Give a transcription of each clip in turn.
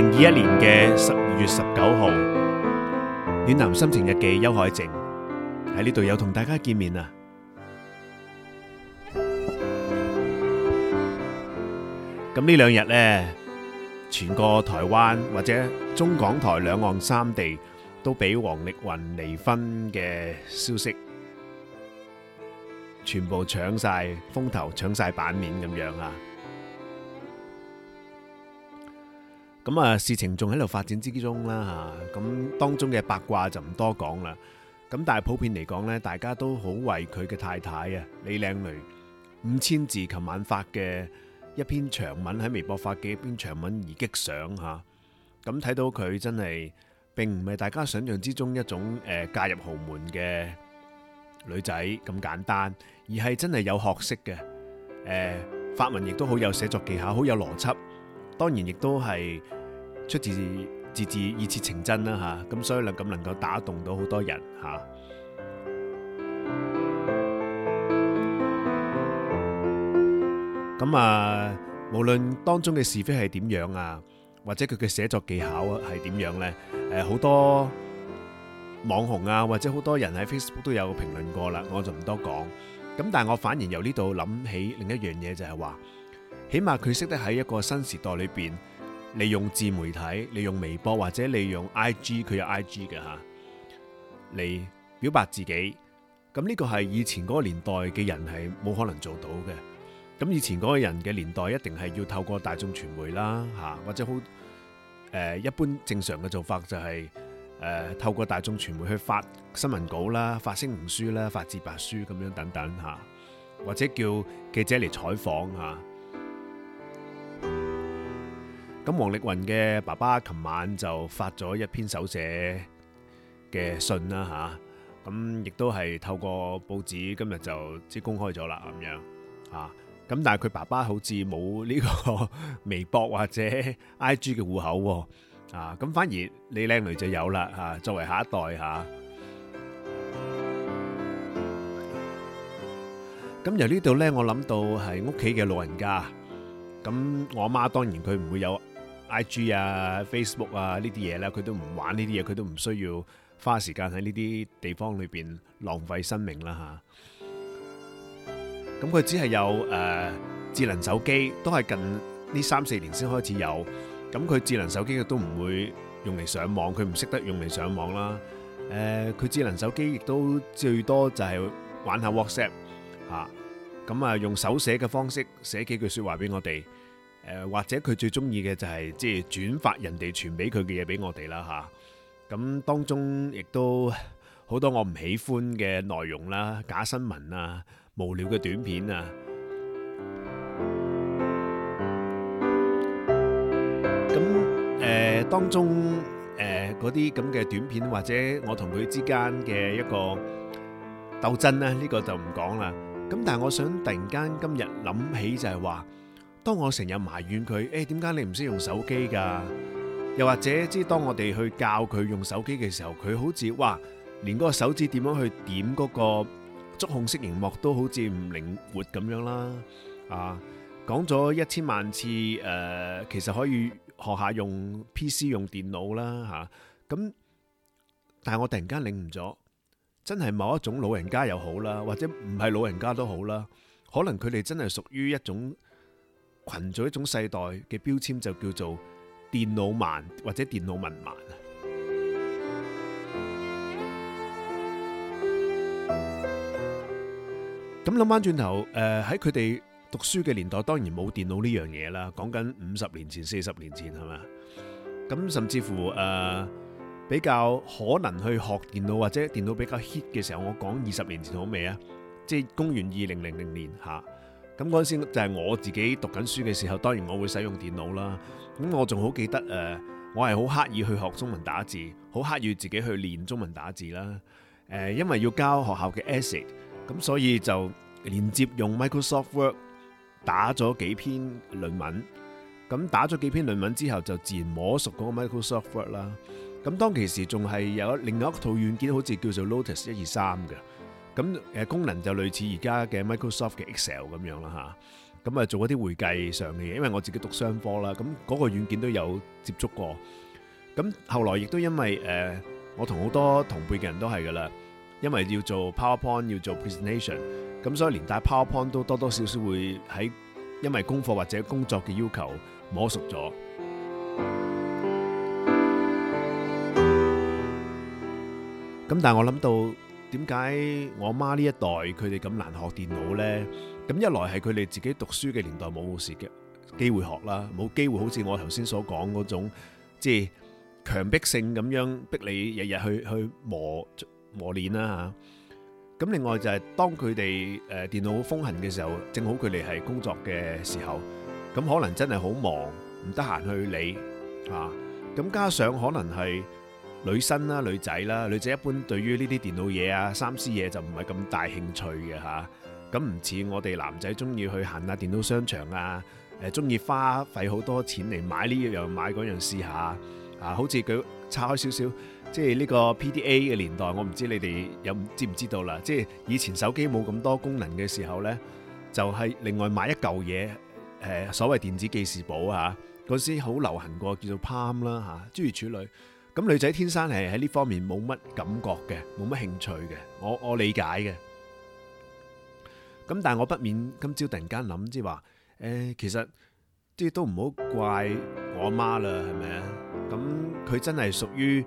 零二一年嘅十二月十九號，暖男心情日記邱海靜喺呢度有同大家見面啊！咁呢兩日呢，全個台灣或者中港台兩岸三地都俾王力宏離婚嘅消息，全部搶晒風頭，搶晒版面咁樣啊！咁啊，事情仲喺度發展之中啦嚇，咁當中嘅八卦就唔多講啦。咁但係普遍嚟講呢，大家都好為佢嘅太太啊，李靚蕾五千字琴晚發嘅一篇長文，喺微博發嘅一篇長文而激賞嚇。咁睇到佢真係並唔係大家想象之中一種誒，嫁入豪門嘅女仔咁簡單，而係真係有學識嘅誒，發文亦都好有寫作技巧，好有邏輯。當然，亦都係出自自自熱切情真啦嚇，咁所以能咁能夠打動到好多人嚇。咁啊，無論當中嘅是非係點樣啊，或者佢嘅寫作技巧係點樣呢，誒好多網紅啊，或者好多人喺 Facebook 都有評論過啦，我就唔多講。咁但係我反而由呢度諗起另一樣嘢，就係話。起碼佢識得喺一個新時代裏邊利用自媒體、利用微博或者利用 IG，佢有 IG 嘅嚇，嚟表白自己。咁、這、呢個係以前嗰個年代嘅人係冇可能做到嘅。咁以前嗰個人嘅年代一定係要透過大眾傳媒啦嚇，或者好誒一般正常嘅做法就係、是、誒透過大眾傳媒去發新聞稿啦、發聲明書啦、發自白書咁樣等等嚇，或者叫記者嚟採訪嚇。咁王力宏嘅爸爸琴晚就發咗一篇手寫嘅信啦，吓，咁亦都係透過報紙今日就即係公開咗啦，咁樣啊，咁但係佢爸爸好似冇呢個微博或者 IG 嘅戶口喎，啊，咁反而你靚女就有啦，吓，作為下一代吓，咁由呢度呢，我諗到係屋企嘅老人家，咁我阿媽當然佢唔會有。I.G 啊、Facebook 啊呢啲嘢啦，佢都唔玩呢啲嘢，佢都唔需要花時間喺呢啲地方裏邊浪費生命啦嚇。咁佢只係有誒智能手機，都係近呢三四年先開始有。咁佢智能手機佢都唔會用嚟上網，佢唔識得用嚟上網啦。誒，佢智能手機亦都最多就係玩下 WhatsApp 嚇，咁啊用手寫嘅方式寫幾句説話俾我哋。誒或者佢最中意嘅就係即係轉發人哋傳俾佢嘅嘢俾我哋啦嚇，咁當中亦都好多我唔喜歡嘅內容啦，假新聞啊，無聊嘅短片啊，咁誒當中誒嗰啲咁嘅短片或者我同佢之間嘅一個鬥爭呢，呢個就唔講啦。咁但係我想突然間今日諗起就係話。當我成日埋怨佢，誒點解你唔識用手機㗎？又或者知，當我哋去教佢用手機嘅時候，佢好似哇，連嗰個手指點樣去點嗰個觸控式熒幕都好似唔靈活咁樣啦。啊，講咗一千萬次，呃，其實可以學下用 PC 用電腦啦嚇咁，啊啊，但係我突然間領悟咗，真係某一種老人家又好啦，或者唔係老人家都好啦，可能佢哋真係屬於一種。群咗一種世代嘅標籤，就叫做電腦盲或者電腦文盲。啊。咁諗翻轉頭，誒喺佢哋讀書嘅年代，當然冇電腦呢樣嘢啦。講緊五十年前、四十年前係嘛？咁甚至乎誒、呃、比較可能去學電腦或者電腦比較 hit 嘅時候，我講二十年前好未啊？即係公元二零零零年嚇。咁嗰陣時就係我自己讀緊書嘅時候，當然我會使用電腦啦。咁我仲好記得誒、呃，我係好刻意去學中文打字，好刻意自己去練中文打字啦。誒、呃，因為要交學校嘅 essay，咁所以就連接用 Microsoft Word 打咗幾篇論文。咁打咗幾篇論文之後，就自然摸熟嗰個 Microsoft Word 啦。咁當其時仲係有另外一套軟件，好似叫做 Lotus 一二三嘅。咁誒，功能就類似而家嘅 Microsoft 嘅 Excel 咁樣啦嚇，咁啊，做嗰啲會計上面嘅嘢，因為我自己讀商科啦，咁嗰個軟件都有接觸過。咁後來亦都因為誒，我同好多同輩嘅人都係噶啦，因為要做 PowerPoint 要做 Presentation，咁所以連帶 PowerPoint 都多多少少會喺因為功課或者工作嘅要求摸熟咗。咁但係我諗到。點解我媽呢一代佢哋咁難學電腦呢？咁一來係佢哋自己讀書嘅年代冇乜嘅機會學啦，冇機會好似我頭先所講嗰種，即係強迫性咁樣逼你日日去去磨磨練啦嚇。咁另外就係當佢哋誒電腦好風行嘅時候，正好佢哋係工作嘅時候，咁可能真係好忙，唔得閒去理啊。咁加上可能係。女生啦、女仔啦、女仔一般對於呢啲電腦嘢啊、三 C 嘢就唔係咁大興趣嘅吓，咁唔似我哋男仔中意去行下電腦商場啊，誒中意花費好多錢嚟買呢樣買嗰樣試下啊，好似佢拆開少少，即係呢個 PDA 嘅年代，我唔知你哋有知唔知道啦，即係以前手機冇咁多功能嘅時候呢，就係另外買一嚿嘢，誒所謂電子記事簿啊。嗰時好流行過叫做 Palm 啦嚇，諸如此類。咁女仔天生係喺呢方面冇乜感覺嘅，冇乜興趣嘅，我我理解嘅。咁但係我不免今朝突然間諗，即係話，誒其實即係都唔好怪我媽啦，係咪啊？咁佢真係屬於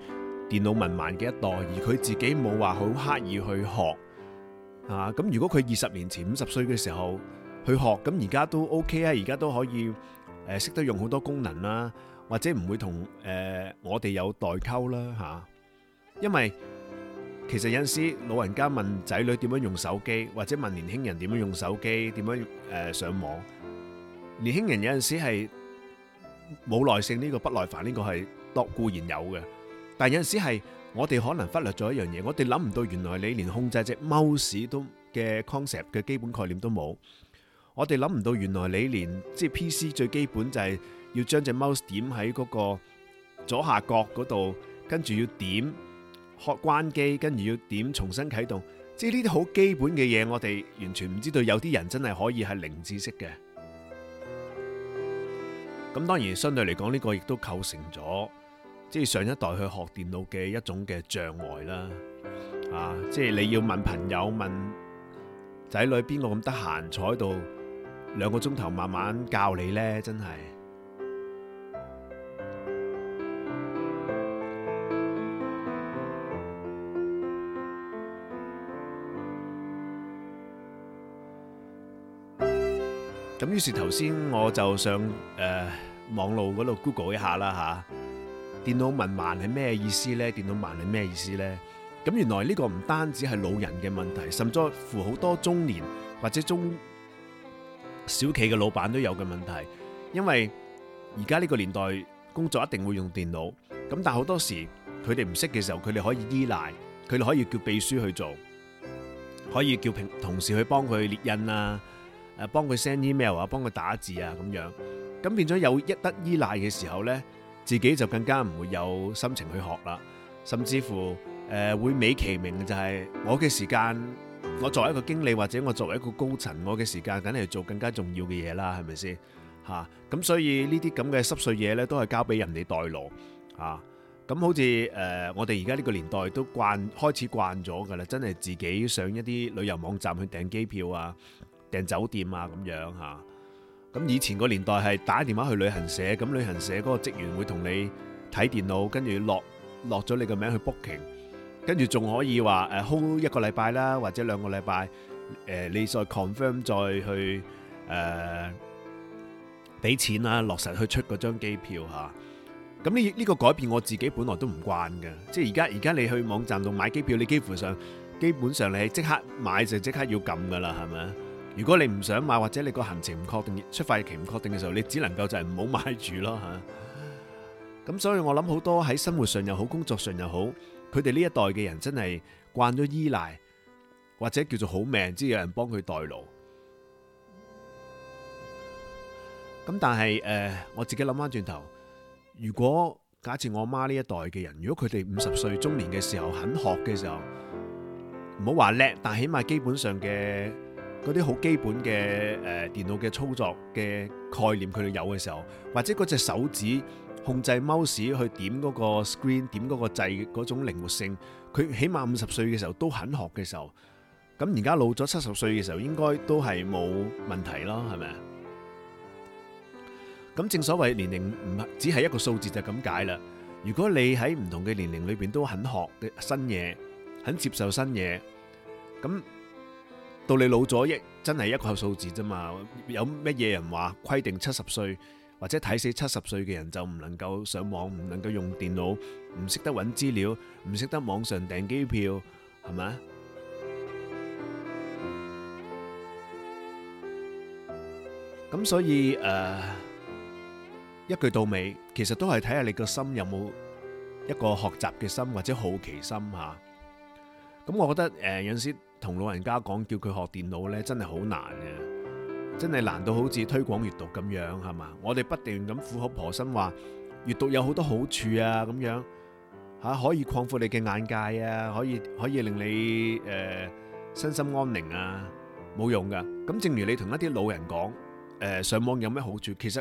電腦文盲嘅一代，而佢自己冇話好刻意去學啊。咁如果佢二十年前五十歲嘅時候去學，咁而家都 OK 啊，而家都可以誒識得用好多功能啦。或者唔會同誒我哋有代溝啦嚇。因為其實有陣時老人家問仔女點樣用手機，或者問年輕人點樣用手機，點樣誒上網。年輕人有陣時係冇耐性呢個不耐煩呢個係多固然有嘅，但係有陣時係我哋可能忽略咗一樣嘢，我哋諗唔到原來你連控制隻 mouse 都嘅 concept 嘅基本概念都冇，我哋諗唔到原來你連即係 PC 最基本就係。要將隻 mouse 點喺嗰個左下角嗰度，跟住要點學關機，跟住要點重新啟動。即係呢啲好基本嘅嘢，我哋完全唔知道。有啲人真係可以係零知識嘅。咁當然相對嚟講，呢個亦都構成咗即係上一代去學電腦嘅一種嘅障礙啦。啊，即係你要問朋友，問仔女，邊個咁得閒坐喺度兩個鐘頭，慢慢教你呢，真係～咁於是頭先我就上誒、呃、網路嗰度 Google 一下啦嚇，電腦文盲係咩意思呢？電腦盲係咩意思呢？咁原來呢個唔單止係老人嘅問題，甚至乎好多中年或者中小企嘅老闆都有嘅問題，因為而家呢個年代工作一定會用電腦，咁但係好多時佢哋唔識嘅時候，佢哋可以依賴，佢哋可以叫秘書去做，可以叫平同事去幫佢列印啊。誒幫佢 send email 啊，幫佢打字啊，咁樣咁變咗有一得依賴嘅時候呢，自己就更加唔會有心情去學啦，甚至乎誒會美其名就係我嘅時間，我作為一個經理或者我作為一個高層，我嘅時間梗係做更加重要嘅嘢啦，係咪先吓？咁所以呢啲咁嘅濕碎嘢呢，都係交俾人哋代勞吓。咁好似誒我哋而家呢個年代都慣開始慣咗㗎啦，真係自己上一啲旅遊網站去訂機票啊，訂酒店啊，咁樣吓，咁以前個年代係打電話去旅行社，咁旅行社嗰個職員會同你睇電腦，跟住落落咗你個名去 booking，跟住仲可以話誒空一個禮拜啦，或者兩個禮拜，誒、呃、你再 confirm 再去誒俾、呃、錢啦，落實去出嗰張機票吓。咁呢呢個改變我自己本來都唔慣嘅，即係而家而家你去網站度買機票，你幾乎上基本上你係即刻買就即刻要撳噶啦，係咪如果你唔想買，或者你個行程唔確定，出發日期唔確定嘅時候，你只能夠就係唔好買住咯吓。咁所以我諗好多喺生活上又好，工作上又好，佢哋呢一代嘅人真係慣咗依賴，或者叫做好命，先有人幫佢代勞。咁但係誒，我自己諗翻轉頭，如果假設我阿媽呢一代嘅人，如果佢哋五十歲中年嘅時候肯學嘅時候，唔好話叻，但起碼基本上嘅。嗰啲好基本嘅誒電腦嘅操作嘅概念，佢哋有嘅時候，或者嗰隻手指控制 mouse 去點嗰個 screen，點嗰個掣嗰種靈活性，佢起碼五十歲嘅時候都肯學嘅時候，咁而家老咗七十歲嘅時候應該都係冇問題咯，係咪啊？咁正所謂年齡唔係只係一個數字就咁解啦。如果你喺唔同嘅年齡裏邊都肯學嘅新嘢，肯接受新嘢，咁。到你老咗亦真係一個數字啫嘛，有乜嘢人話規定七十歲或者睇死七十歲嘅人就唔能夠上網，唔能夠用電腦，唔識得搵資料，唔識得網上訂機票，係咪啊？咁所以誒一句到尾，其實都係睇下你個心有冇一個學習嘅心或者好奇心吓。咁我覺得誒，有時。同老人家講，叫佢學電腦呢，真係好難嘅，真係難到好似推廣閱讀咁樣，係嘛？我哋不斷咁苦口婆心話，閱讀有好多好處啊，咁樣嚇可以擴闊你嘅眼界啊，可以可以令你誒身心安寧啊，冇用㗎。咁正如你同一啲老人講，誒上網有咩好處？其實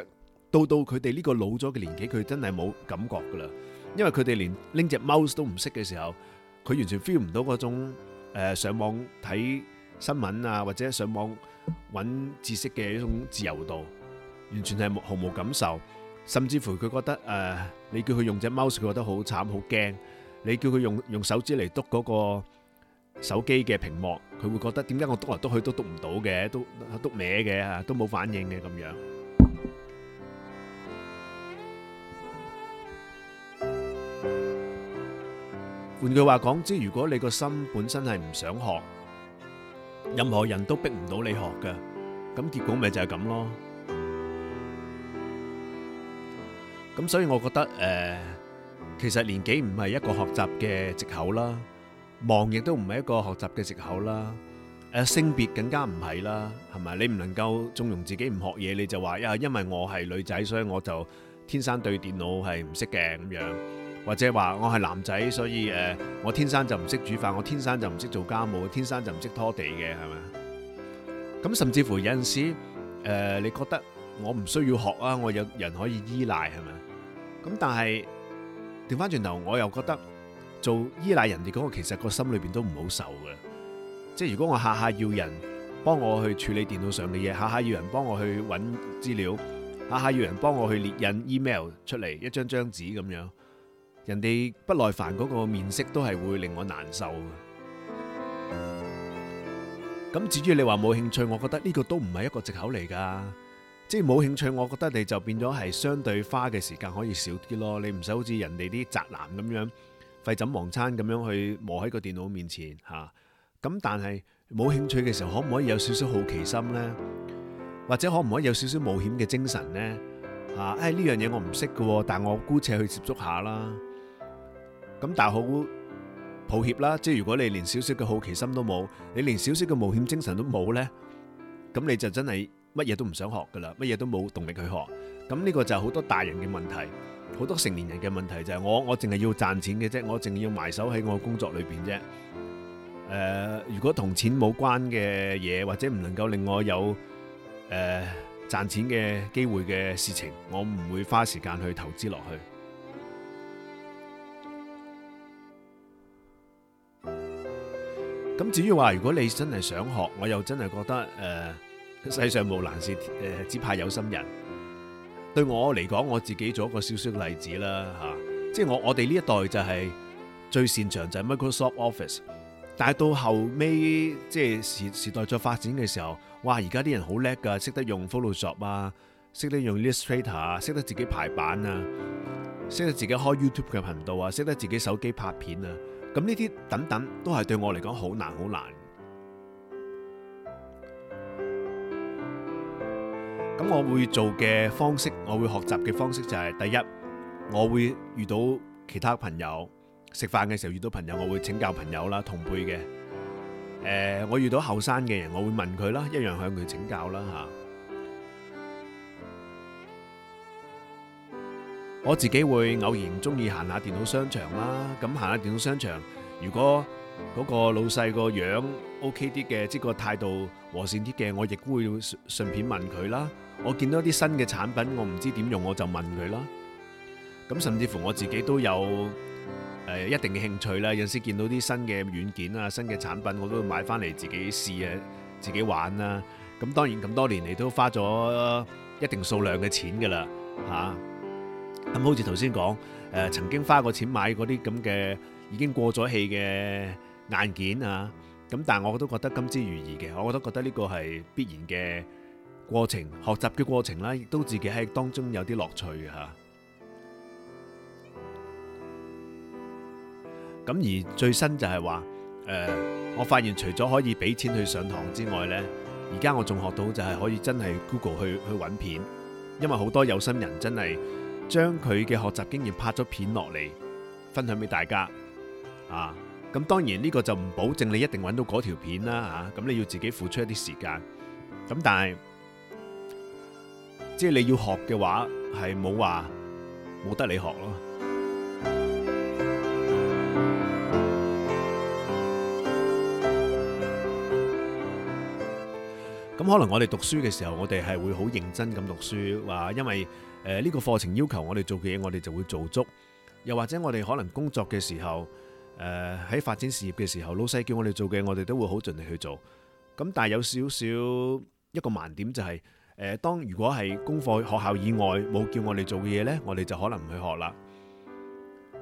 到到佢哋呢個老咗嘅年紀，佢真係冇感覺㗎啦，因為佢哋連拎隻 mouse 都唔識嘅時候，佢完全 feel 唔到嗰種。誒，上網睇新聞啊，或者上網搵知識嘅一種自由度，完全係毫無感受，甚至乎佢覺得誒，你叫佢用隻 mouse，佢覺得好慘好驚，你叫佢用用手指嚟篤嗰個手機嘅屏幕，佢會覺得，點解我篤嚟篤去都篤唔到嘅，都篤歪嘅吓，都冇反應嘅咁樣。換句話講，即係，如果你個心本身係唔想學，任何人都逼唔到你學嘅，咁結果咪就係咁咯。咁所以我覺得誒，其實年紀唔係一個學習嘅藉口啦，忙亦都唔係一個學習嘅藉口啦。誒，性別更加唔係啦，係咪？你唔能夠縱容自己唔學嘢，你就話呀，因為我係女仔，所以我就天生對電腦係唔識嘅咁樣。或者話我係男仔，所以誒、呃，我天生就唔識煮飯，我天生就唔識做家務，天生就唔識拖地嘅，係咪？咁甚至乎有陣時誒、呃，你覺得我唔需要學啊，我有人可以依賴，係咪？咁但係調翻轉頭，我又覺得做依賴人哋嗰、那個，其實個心裏邊都唔好受嘅。即係如果我下下要人幫我去處理電腦上嘅嘢，下下要人幫我去揾資料，下下要人幫我去列印 email 出嚟一張張紙咁樣。人哋不耐煩嗰個面色都係會令我難受嘅。咁至於你話冇興趣，我覺得呢個都唔係一個借口嚟噶。即係冇興趣，我覺得你就變咗係相對花嘅時間可以少啲咯。你唔使好似人哋啲宅男咁樣廢寢忘餐咁樣去磨喺個電腦面前吓。咁、啊、但係冇興趣嘅時候，可唔可以有少少好奇心呢？或者可唔可以有少少冒險嘅精神呢？啊，哎呢樣嘢我唔識噶，但我姑且去接觸下啦。咁但係好抱歉啦，即係如果你連少少嘅好奇心都冇，你連少少嘅冒險精神都冇咧，咁你就真係乜嘢都唔想學噶啦，乜嘢都冇動力去學，咁呢個就係好多大人嘅問題，好多成年人嘅問題就係、是、我我淨係要賺錢嘅啫，我淨係要，要埋手喺我工作裏邊啫。誒、呃，如果同錢冇關嘅嘢，或者唔能夠令我有誒賺、呃、錢嘅機會嘅事情，我唔會花時間去投資落去。咁至於話，如果你真係想學，我又真係覺得誒、呃，世上無難事，誒、呃、只怕有心人。對我嚟講，我自己做一個小小嘅例子啦嚇，即、啊、係、就是、我我哋呢一代就係最擅長就係 Microsoft Office，但係到後尾即係時時代再發展嘅時候，哇！而家啲人好叻㗎，識得用 Photoshop 啊，識得用 Illustrator，啊，識得自己排版啊，識得自己開 YouTube 嘅頻道啊，識得自己手機拍片啊。咁呢啲等等都係對我嚟講好難好難。咁我會做嘅方式，我會學習嘅方式就係第一，我會遇到其他朋友食飯嘅時候遇到朋友，我會請教朋友啦，同輩嘅。誒，我遇到後生嘅人，我會問佢啦，一樣向佢請教啦嚇。我自己會偶然中意行下電腦商場啦，咁行下電腦商場，如果嗰個老細個樣 OK 啲嘅，即個態度和善啲嘅，我亦都會順便問佢啦。我見到啲新嘅產品，我唔知點用，我就問佢啦。咁甚至乎我自己都有誒、呃、一定嘅興趣啦。有陣時見到啲新嘅軟件啊、新嘅產品，我都買翻嚟，自己試啊、自己玩啦。咁當然咁多年嚟，都花咗一定數量嘅錢噶啦，吓、啊。咁好似頭先講誒，曾經花過錢買嗰啲咁嘅已經過咗氣嘅硬件啊。咁，但我都覺得甘之如飴嘅，我都覺得呢個係必然嘅過程，學習嘅過程啦，亦都自己喺當中有啲樂趣嘅嚇。咁而最新就係話誒，我發現除咗可以俾錢去上堂之外呢，而家我仲學到就係可以真係 Google 去去揾片，因為好多有心人真係。將佢嘅學習經驗拍咗片落嚟，分享俾大家啊！咁當然呢個就唔保證你一定揾到嗰條片啦啊！咁你要自己付出一啲時間，咁但係即係你要學嘅話，係冇話冇得你學咯。咁可能我哋讀書嘅時候，我哋係會好認真咁讀書，話、啊、因為。誒，呢個課程要求我哋做嘅嘢，我哋就會做足；又或者我哋可能工作嘅時候，誒，喺發展事業嘅時候，老細叫我哋做嘅，我哋都會好盡力去做。咁但係有少少一個盲點就係，誒，當如果係功課學校以外冇叫我哋做嘅嘢呢，我哋就可能唔去學啦。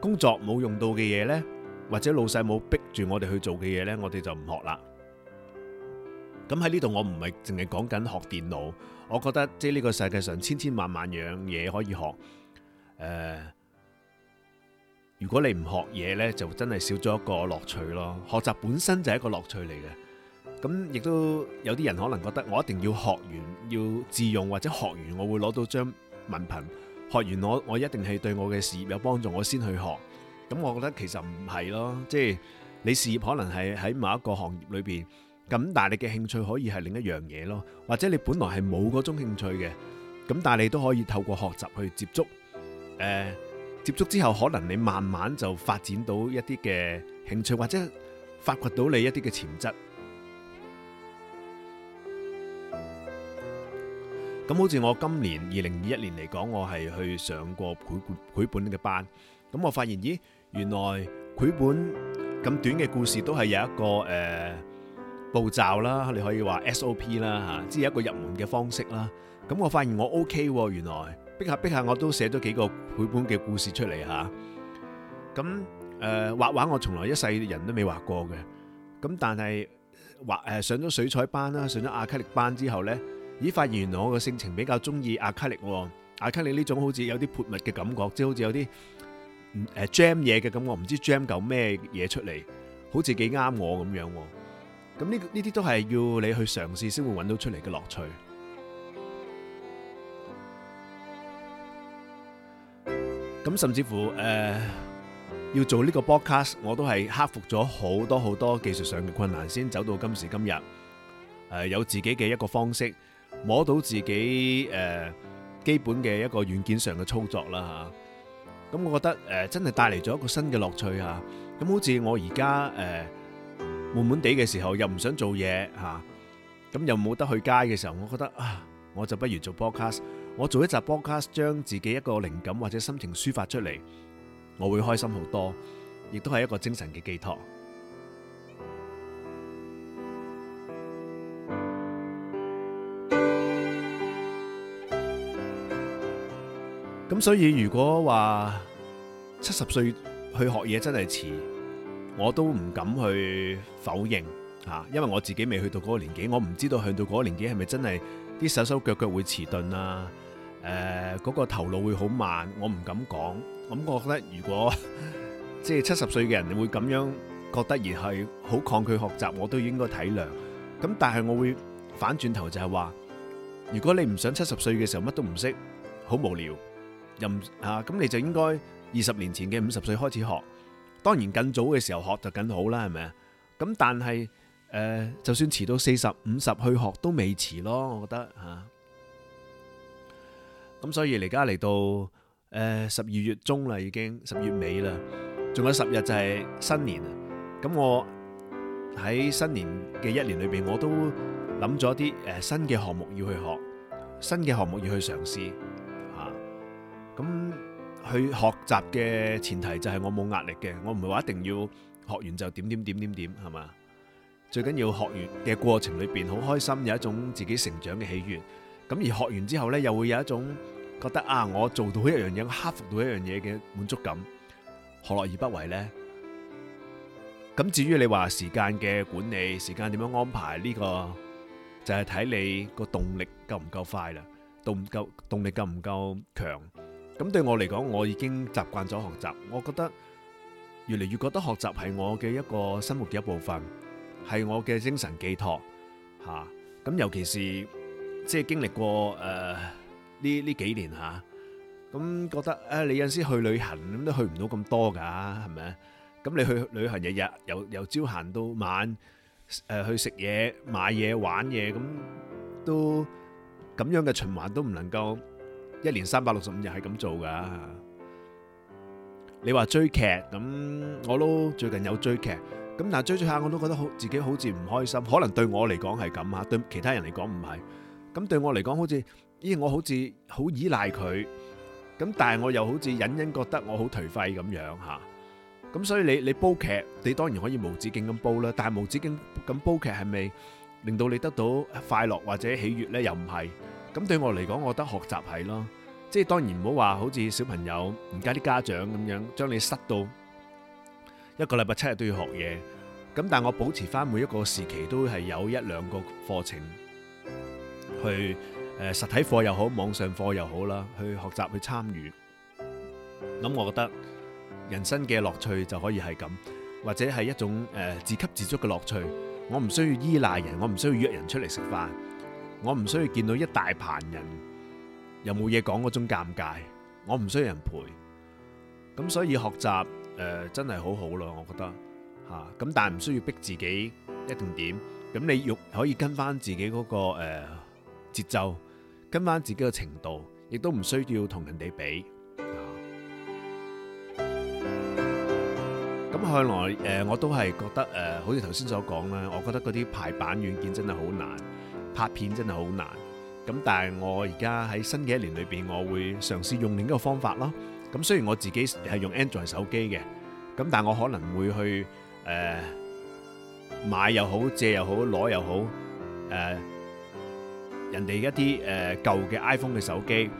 工作冇用到嘅嘢呢，或者老細冇逼住我哋去做嘅嘢呢，我哋就唔學啦。咁喺呢度，我唔係淨係講緊學電腦，我覺得即係呢個世界上千千萬萬樣嘢可以學。誒、呃，如果你唔學嘢呢，就真係少咗一個樂趣咯。學習本身就係一個樂趣嚟嘅。咁亦都有啲人可能覺得我一定要學完要自用，或者學完我會攞到張文憑，學完我我一定係對我嘅事業有幫助，我先去學。咁我覺得其實唔係咯，即係你事業可能係喺某一個行業裏邊。咁但係你嘅興趣可以係另一樣嘢咯，或者你本來係冇嗰種興趣嘅，咁但係你都可以透過學習去接觸，誒，接觸之後可能你慢慢就發展到一啲嘅興趣，或者發掘到你一啲嘅潛質。咁好似我今年二零二一年嚟講，我係去上過繪本繪本嘅班，咁我發現咦，原來繪本咁短嘅故事都係有一個誒。步驟啦，你可以話 SOP 啦，嚇，即係一個入門嘅方式啦。咁我發現我 OK 喎，原來逼下逼下我都寫咗幾個繪本嘅故事出嚟嚇。咁誒畫畫我從來一世人都未畫過嘅，咁但係畫誒上咗水彩班啦，上咗亞克力班之後咧，咦，發現原來我嘅性情比較中意亞克力亞克力呢種好似有啲潑墨嘅感覺，即係好似有啲誒 jam 嘢嘅感覺，我唔知 jam 嚿咩嘢出嚟，好似幾啱我咁樣喎。咁呢呢啲都係要你去嘗試先會搵到出嚟嘅樂趣。咁甚至乎誒，要做呢個 podcast，我都係克服咗好多好多技術上嘅困難，先走到今時今日。誒，有自己嘅一個方式，摸到自己誒基本嘅一個軟件上嘅操作啦吓。咁我覺得誒，真係帶嚟咗一個新嘅樂趣啊！咁好似我而家誒。悶悶地嘅時候，又唔想做嘢吓，咁又冇得去街嘅時候，我覺得啊，我就不如做 podcast，我做一集 podcast，將自己一個靈感或者心情抒發出嚟，我會開心好多，亦都係一個精神嘅寄託。咁 所以如果話七十歲去學嘢真係遲。我都唔敢去否認嚇，因為我自己未去到嗰個年紀，我唔知道去到嗰個年紀係咪真係啲手手腳腳會遲鈍啦，誒，嗰個頭腦會好慢，我唔敢講。我覺得如果即係七十歲嘅人會咁樣覺得而係好抗拒學習，我都應該體諒。咁但係我會反轉頭就係話，如果你唔想七十歲嘅時候乜都唔識，好無聊，任嚇咁你就應該二十年前嘅五十歲開始學。當然，更早嘅時候學就更好啦，係咪啊？咁但係，誒、呃，就算遲到四十五十去學都未遲咯，我覺得吓。咁、啊、所以而家嚟到誒十二月中啦，已經十月尾啦，仲有十日就係新年啦。咁我喺新年嘅一年裏邊，我都諗咗啲誒新嘅項目要去學，新嘅項目要去嘗試吓。咁、啊。去學習嘅前提就係我冇壓力嘅，我唔係話一定要學完就點點點點點係嘛，最緊要學完嘅過程裏邊好開心，有一種自己成長嘅喜悅。咁而學完之後呢，又會有一種覺得啊，我做到一樣嘢，克服到一樣嘢嘅滿足感，何樂而不為呢？咁至於你話時間嘅管理，時間點樣安排呢個就係睇你個動力夠唔夠快啦，動唔夠動力夠唔夠強。咁對我嚟講，我已經習慣咗學習。我覺得越嚟越覺得學習係我嘅一個生活嘅一部分，係我嘅精神寄託吓。咁尤其是即係經歷過誒呢呢幾年吓，咁覺得誒你有陣時去旅行咁都去唔到咁多㗎，係咪啊？咁你去旅行日日由由朝行到晚，誒去食嘢、買嘢、玩嘢，咁都咁樣嘅循環都唔能夠。一年三百六十五日係咁做噶。你話追劇咁，我都最近有追劇。咁嗱，追追下我都覺得好，自己好似唔開心。可能對我嚟講係咁嚇，對其他人嚟講唔係。咁對我嚟講好似，咦，我好似好依賴佢。咁但係我又好似隱隱覺得我好頹廢咁樣嚇。咁所以你你煲劇，你當然可以無止境咁煲啦。但係無止境咁煲劇係咪令到你得到快樂或者喜悅呢？又唔係。咁對我嚟講，我覺得學習係咯，即係當然唔好話好似小朋友而家啲家長咁樣，將你塞到一個禮拜七日都要學嘢。咁但我保持翻每一個時期都係有一兩個課程去誒實體課又好，網上課又好啦，去學習去參與。咁我覺得人生嘅樂趣就可以係咁，或者係一種自給自足嘅樂趣。我唔需要依賴人，我唔需要約人出嚟食飯。我唔需要見到一大盤人又冇嘢講嗰種尷尬，我唔需要人陪，咁所以學習誒、呃、真係好好咯，我覺得嚇。咁、啊、但係唔需要逼自己一定點，咁你又可以跟翻自己嗰、那個誒、呃、節奏，跟翻自己嘅程度，亦都唔需要同人哋比。咁、啊、向來誒、呃、我都係覺得誒、呃，好似頭先所講咧，我覺得嗰啲排版軟件真係好難。拍片真係好難，咁但係我而家喺新嘅一年裏邊，我會嘗試用另一個方法咯。咁雖然我自己係用 Android 手機嘅，咁但係我可能會去誒買又好，借又好，攞又好，誒人哋一啲誒舊嘅 iPhone 嘅手機，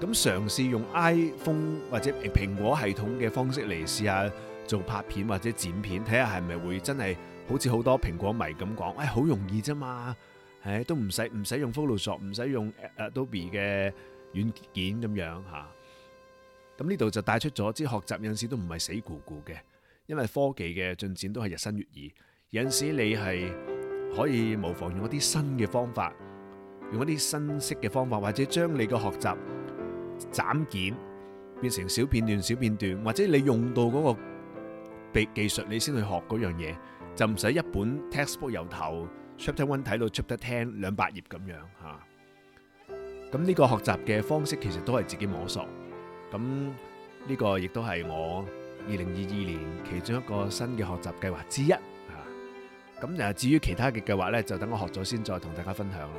咁嘗試用 iPhone 或者蘋果系統嘅方式嚟試下做拍片或者剪片，睇下係咪會真係好似好多蘋果迷咁講，誒好容易啫嘛～誒都唔使唔使用 Photoshop，唔使用誒 Adobe 嘅軟件咁樣嚇。咁呢度就帶出咗，即係學習有陣時都唔係死咕咕嘅，因為科技嘅進展都係日新月異。有陣時你係可以模仿用一啲新嘅方法，用一啲新式嘅方法，或者將你嘅學習斬件變成小片段、小片段，或者你用到嗰個技技術，你先去學嗰樣嘢，就唔使一本 textbook 由頭。chapter one 睇到 chapter ten，兩百頁咁樣吓，咁呢個學習嘅方式其實都係自己摸索，咁呢個亦都係我二零二二年其中一個新嘅學習計劃之一吓。咁啊，至於其他嘅計劃呢，就等我學咗先再同大家分享啦。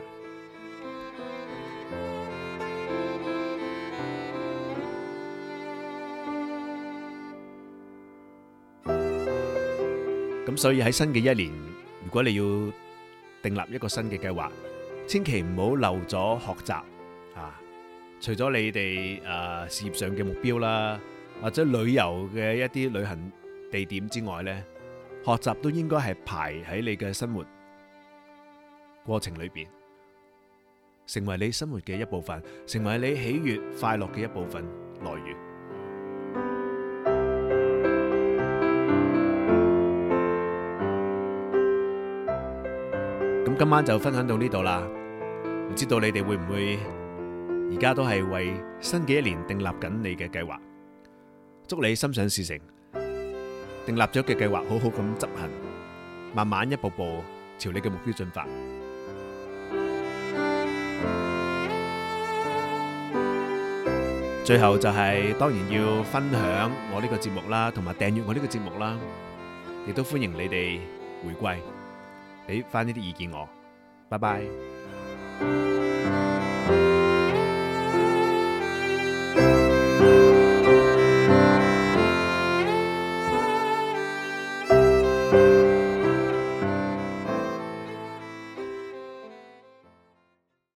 咁所以喺新嘅一年，如果你要訂立一個新嘅計劃，千祈唔好漏咗學習啊！除咗你哋誒事業上嘅目標啦，或者旅遊嘅一啲旅行地點之外呢，學習都應該係排喺你嘅生活過程裏邊，成為你生活嘅一部分，成為你喜悅快樂嘅一部分來源。咁今晚就分享到呢度啦，唔知道你哋會唔會而家都係為新嘅一年訂立緊你嘅計劃？祝你心想事成，訂立咗嘅計劃好好咁執行，慢慢一步步朝你嘅目標進發。最後就係當然要分享我呢個節目啦，同埋訂閱我呢個節目啦，亦都歡迎你哋回歸，俾翻呢啲意見我，拜拜。